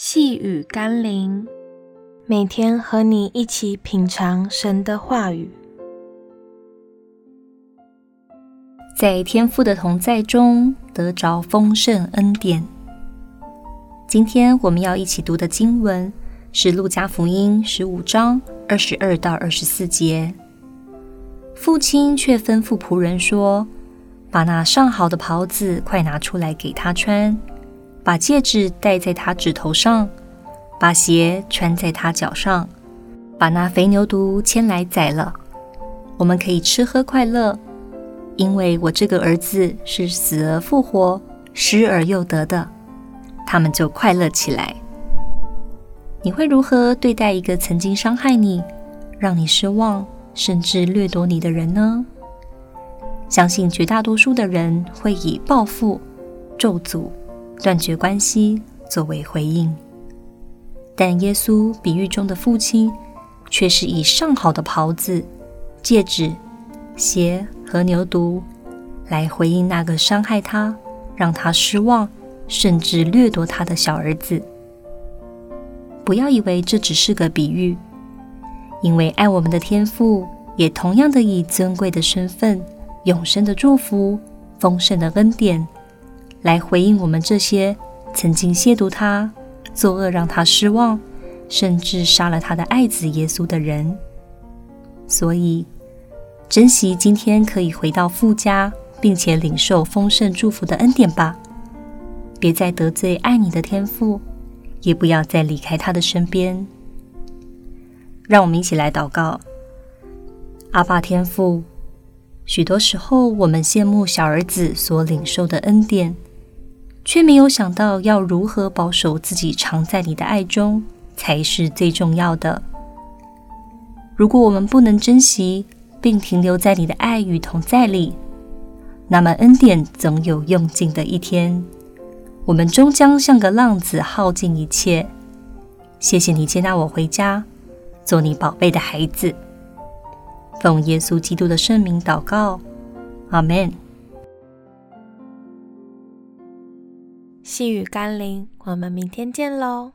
細語甘霖，每天和你一起品嚐神的話語，在天父的同在中得着豐盛恩典。今天我們要一起讀的經文是《路加福音》十五章二十二到二十四節。父親卻吩咐僕人說：“把那上好的袍子快拿出來給他穿。”把戒指戴在他指頭上，把鞋穿在他腳上，把那肥牛犢牽來宰了，我們可以吃喝快樂，因為我這個兒子是死而復活，失而又得的，他們就快樂起來。你會如何對待一個曾經傷害你、讓你失望，甚至掠奪你的人呢？相信絕大多數的人會以報復咒詛。斷絕關係作為回應，但耶穌比喻中的父親卻是以上好的袍子、戒指、鞋和牛犢來回應那個傷害他、讓他失望，甚至掠奪他的小兒子。不要以為這只是個比喻，因為愛我們的天父也同樣的以尊貴的身份、永生的祝福、豐盛的恩典，來回應我們這些曾經褻瀆他、作惡讓他失望，甚至殺了他的愛子耶穌的人。所以，珍惜今天可以回到父家，並且領受豐盛祝福的恩典吧！別再得罪愛你的天父，也不要再離開他的身邊。讓我們一起來禱告：阿爸天父，許多時候我們羨慕小兒子所領受的恩典，卻沒有想到要如何保守自己，常在你的愛中才是最重要的。如果我們不能珍惜並停留在你的愛與同在裡，那麼恩典總有用盡的一天。我們終將像個浪子耗盡一切。謝謝你接納我回家，做你寶貝的孩子。奉耶穌基督的聖名禱告，阿們。細語甘霖，我們明天見嘍。